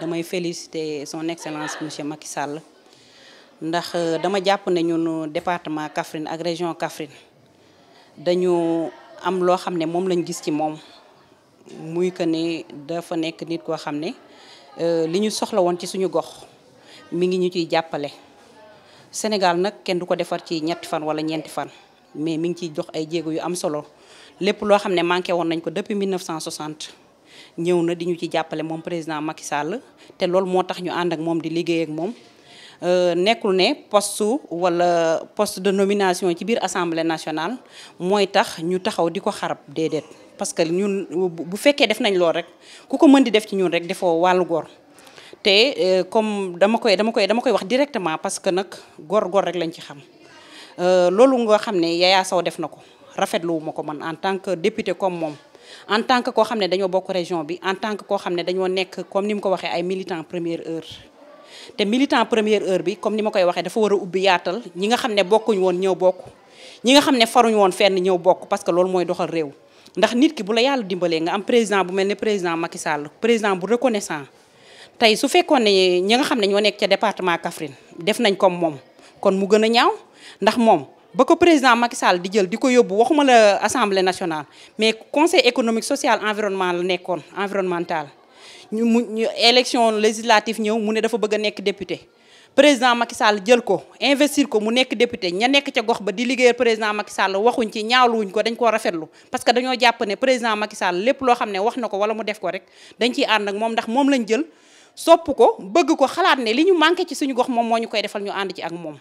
damay féliciter son excellence monsieur Macky Sall ndax euh, dama jàpp nañu ñun département Kaffrine ak région Kaffrine dañu am loo xam ne moom lañ gis ci moom muy que ne dafa nekk nit koo xam ne euh, li ñu soxla woon ci suñu gox mi ngi ñu ciy jàppale. Sénégal nag kenn du ko defar ci ñetti fan wala ñeenti fan mais mi ngi ciy jox ay jéego yu am solo lépp loo xam ne manqué woon nañ ko depuis 1960. ñëw na di ñu ci jàppale moom président Macky Sall te loolu moo tax ñu ànd ak moom di liggéey ak moom euh, nekkul ne poste wala poste de nomination ci biir assemblée nationale mooy tax ñu taxaw di ko xarab déedéet. parce que ñun bu fekkee def nañ loolu rek ku ko mën di def ci ñun rek defoo wàllu góor te euh, comme dama koy dama koy dama koy wax directement parce que nag góor góor rek lañ ci xam euh, loolu nga xam ne Yaya Sow def na ko rafetlu ma ko man en tant que député comme moom en tant que koo xam ne dañoo bokk région bi en tant que koo xam ne dañoo nekk comme ni ko waxee ay militant première heure te première heure bi comme ni ma koy waxee dafa war a ubbi yaatal ñi nga xam ne bokkuñ woon ñëw bokk ñi nga xam ne faruñ woon fenn ñëw bokk parce que loolu mooy doxal réew ndax nit ki bu la yàlla dimbalee nga am président bu mel ne président Macky Sall président bu reconnaissant tey su fekkoon ne ñi nga xam ne ñoo nekk ca département Kaffrine def nañ comme moom kon mu gën a ñaaw ndax moom ba ko président Macky Sall di jël di ko yóbbu waxuma la assemblée nationale mais conseil économique social environnement la nekkoon environnemental ñu mu élection législative ñëw mu ne dafa bëgg a nekk député président Macky jël ko investir ko mu nekk député ña nekk ca gox ba di liggéeyal président Macky Sall waxuñ ci ñaawluwuñ ko dañ koo rafetlu parce que dañoo jàpp ne président Macky lépp loo xam ne wax na ko wala mu def ko rek dañ ciy ànd ak moom ndax moom lañ jël sopp ko bëgg ko xalaat ne li ñu manqué ci suñu gox moom moo ñu koy defal ñu ànd ci ak moom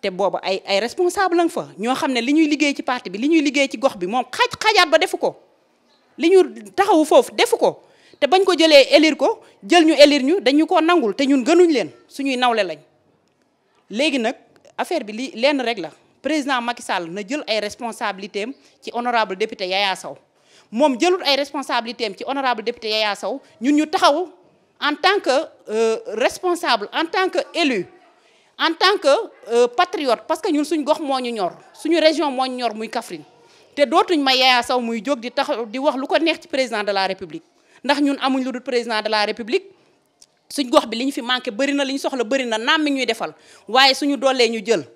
te booba ay ay responsable lañ fa ñoo xam ne li ñuy liggéey ci parti bi li ñuy liggéey ci gox bi moom xaj xajaat ba defu ko li ñu taxawu foofu defu ko té bañ ko jëlé élire ko jël ñu élire ñu ñu ko nangul té ñun gënuñ leen suñuy nawlé lañ légui nak affaire bi li lenn rek la président Macky Sall na jël ay responsabilités ci honorable député Yaya Sow mom jëlut ay responsabilités ci honorable député Yaya Sow ñun ñu taxaw en tant que euh, responsable en tant que élu en tant que euh, patriote parce que ñun suñ gox moo ñu ñor suñu région moo ñor muy Kaffrine té dootuñ ma Yaya Sow muy jóg di taxaw di wax lu ko neex ci président de la République ndax ñun amuñ lu dul président de la république suñ gox bi liñ fi manké bari na liñ soxla bari na nam ñuy defal waaye suñu dolé ñu jël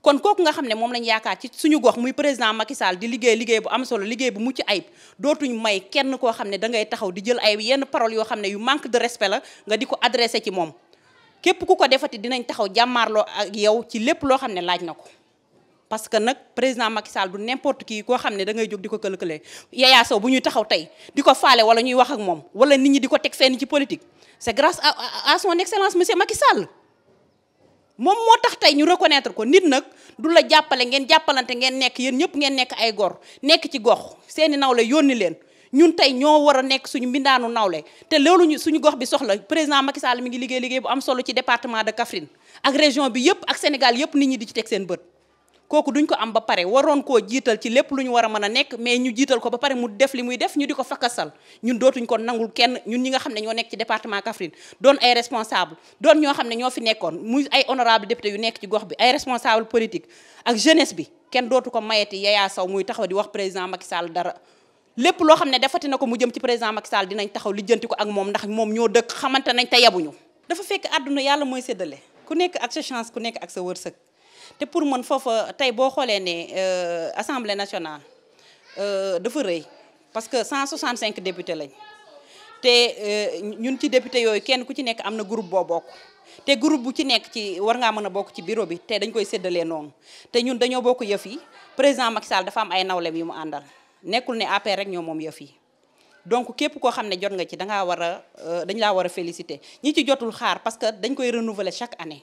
kon kooku nga xamné mom lañ yaakaar ci suñu gox muy président Macky Sall di liggéey liggéey bu am solo liggéey bu mucc ayib dootuñ may kenn ko xamné da ngay taxaw di jël ay yenn parole yo xamné yu manque de respect la nga di ko ci mom képp ku ko defati dinañ taxaw jamarlo ak yow ci lepp lo xamné laaj nako parce que nag président Macky Sall du n'importe qui koo xam ne da jóg di ko këlëkëlee Yaya Sow bu ñuy taxaw tey di ko faale wala ñuy wax ak moom wala nit ñi di ko teg fenn ci politique c'est grâce à à son excellence monsieur Macky Sall moom tax tey ñu reconnaître ko nit nag du la jàppale ngeen jàppalante ngeen yéen ñëpp ngeen nekk ay gor nekk ci gox seeni nawle yónni leen ñun tey ñoo war a nekk suñu mbindaanu nawle te loolu ñu suñu gox bi soxla président Macky Sall mi ngi liggéey liggéey bu am solo ci département de Kaffrine ak région bi ak Sénégal yëpp nit ñi di ci teg seen bët kooku duñ ko am ba paré waron ko jital ci lepp luñu wara mëna nek mais ñu jital ko ba paré mu def li muy def ñu diko ko ñun dootuñ ko nangul kenn ñun ñi nga xamné ño nek ci département Kaffrine doon ay responsable doon ño xamné ño fi nekkoon muy ay honorable député yu nek ci gox bi ay responsable politique ak jeunesse bi kenn dootu ko mayeti Yaya saw muy taxaw di wax président Macky Sall dara lepp lo xamné ne defati na mu jëm ci président Macky Sall dinañ taxaw lijjanti ko ak mom ndax mom ño dëkk xamante nañ te yabuñu dafa fekk aduna yalla moy sédalé ku nek ak sa chance ku nek ak sa wërsëg te pour mën foofa tey boo xoolee ne euh, assemblée nationale euh, dafa rëy parce que cinq députés lañ te euh, ñun ci député yooyu kenn ku ci nekk am na groupe boo bokk. te groupe bu ci nekk ci war nga mën a bokk ci bureau bi te dañ koy séddalee noonu te ñun dañoo bokk yëf yi président Macky Sall dafa am ay nawlem yu mu àndal nekkul ne APR rek ñoo moom yëf yi. donc képp koo xam ne jot nga ci dangaa war a dañ laa war a féliciter ñi ci jotul xaar parce que dañ koy renouveler chaque année.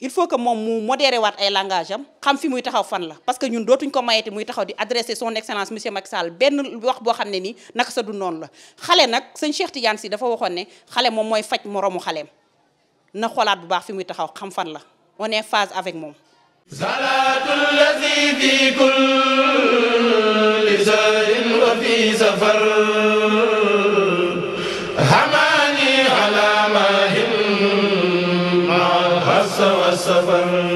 il faut que moom modéré wat ay langage am xam fi muy taxaw fan la parce que ñun dootuñ ko mayeti muy taxaw di adresser son excellence monsieur Macky Sall ben wax bo xamné ni nii naka sa du non la xalé nak sëñ Cheikh Tidiane si dafa waxone xalé mom moy fajj faj moromu xaleem na xoolaat bu baax fi muy taxaw xam fan la on est phase avec mom zalatul lazi fi kulli sahrin wa fi safar safar